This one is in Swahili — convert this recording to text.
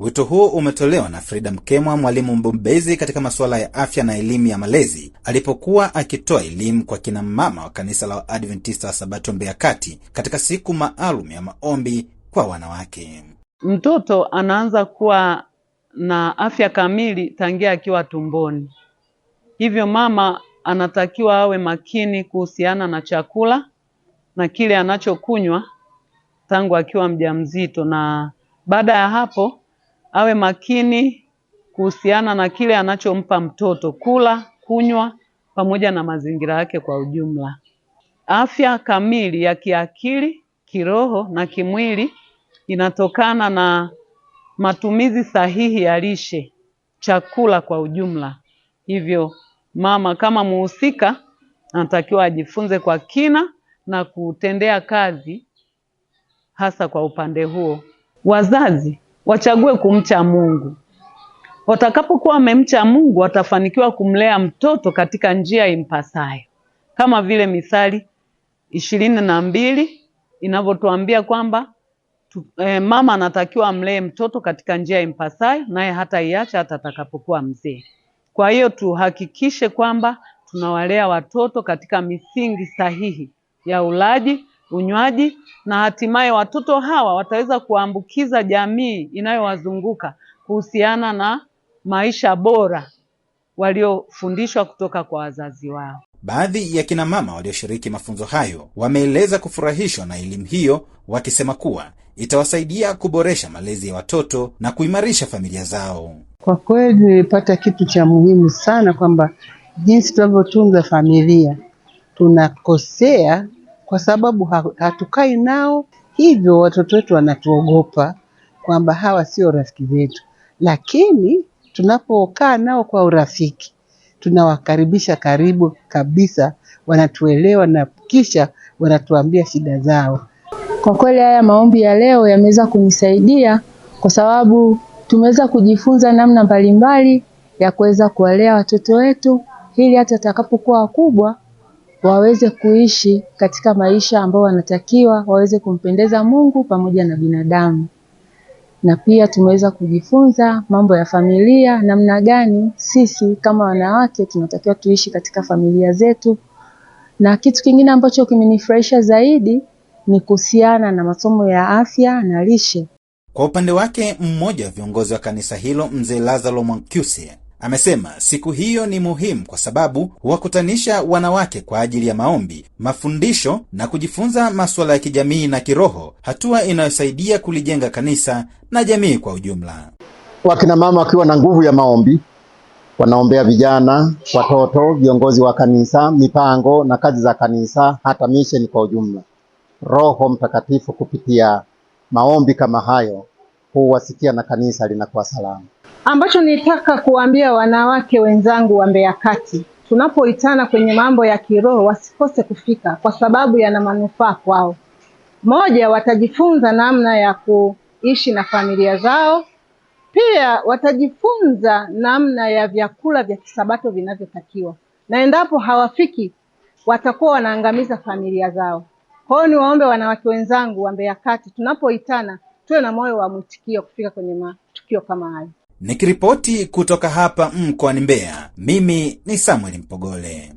Wito huo umetolewa na Frida Mkemwa, mwalimu mbobezi katika masuala ya afya na elimu ya malezi, alipokuwa akitoa elimu kwa kina mama wa kanisa la Adventista wa Sabato Mbeya Kati katika siku maalum ya maombi kwa wanawake. Mtoto anaanza kuwa na afya kamili tangia akiwa tumboni, hivyo mama anatakiwa awe makini kuhusiana na chakula na kile anachokunywa tangu akiwa mjamzito, na baada ya hapo awe makini kuhusiana na kile anachompa mtoto kula, kunywa pamoja na mazingira yake kwa ujumla. Afya kamili ya kiakili, kiroho na kimwili inatokana na matumizi sahihi ya lishe, chakula kwa ujumla. Hivyo mama kama muhusika anatakiwa ajifunze kwa kina na kutendea kazi hasa kwa upande huo. Wazazi wachague kumcha Mungu. Watakapokuwa wamemcha Mungu, watafanikiwa kumlea mtoto katika njia impasayo, kama vile Mithali ishirini na mbili inavyotuambia kwamba tu, eh, mama anatakiwa amlee mtoto katika njia impasayo, naye hata iacha hata atakapokuwa mzee. Kwa hiyo tuhakikishe kwamba tunawalea watoto katika misingi sahihi ya ulaji unywaji, na hatimaye watoto hawa wataweza kuambukiza jamii inayowazunguka kuhusiana na maisha bora waliofundishwa kutoka kwa wazazi wao. Baadhi ya kina mama walioshiriki mafunzo hayo wameeleza kufurahishwa na elimu hiyo, wakisema kuwa itawasaidia kuboresha malezi ya watoto na kuimarisha familia zao. Kwa kweli nilipata kitu cha muhimu sana, kwamba jinsi tunavyotunza familia tunakosea kwa sababu hatukai nao, hivyo watoto wetu wanatuogopa kwamba hawa sio rafiki zetu, lakini tunapokaa nao kwa urafiki tunawakaribisha karibu kabisa, wanatuelewa na kisha wanatuambia shida zao. Kwa kweli haya maombi ya leo yameweza kunisaidia kwa sababu tumeweza kujifunza namna mbalimbali ya kuweza kuwalea watoto wetu ili hata atakapokuwa wakubwa waweze kuishi katika maisha ambayo wanatakiwa waweze kumpendeza Mungu pamoja na binadamu. Na pia tumeweza kujifunza mambo ya familia, namna gani sisi kama wanawake tunatakiwa tuishi katika familia zetu. Na kitu kingine ambacho kimenifurahisha zaidi ni kuhusiana na masomo ya afya na lishe. Kwa upande wake mmoja viongozi wa kanisa hilo, mzee Lazaro Mwakyuse Amesema siku hiyo ni muhimu kwa sababu huwakutanisha wanawake kwa ajili ya maombi, mafundisho na kujifunza masuala ya kijamii na kiroho, hatua inayosaidia kulijenga kanisa na jamii kwa ujumla. Wakina mama wakiwa na nguvu ya maombi, wanaombea vijana, watoto, viongozi wa kanisa, mipango na kazi za kanisa, hata misheni kwa ujumla. Roho Mtakatifu kupitia maombi kama hayo huwasikia na kanisa linakuwa salama ambacho nitaka kuambia wanawake wenzangu wa Mbeya Kati, tunapoitana kwenye mambo ya kiroho wasikose kufika, kwa sababu yana manufaa kwao. Moja, watajifunza namna ya kuishi na familia zao, pia watajifunza namna ya vyakula vya kisabato vinavyotakiwa, na endapo hawafiki watakuwa wanaangamiza familia zao. Kwa hiyo niwaombe wanawake wenzangu wa Mbeya Kati, tunapoitana tuwe na moyo wa mwitikio kufika kwenye matukio kama haya Nikiripoti kutoka hapa mkoani Mbeya, mimi ni Samwel Mpogole.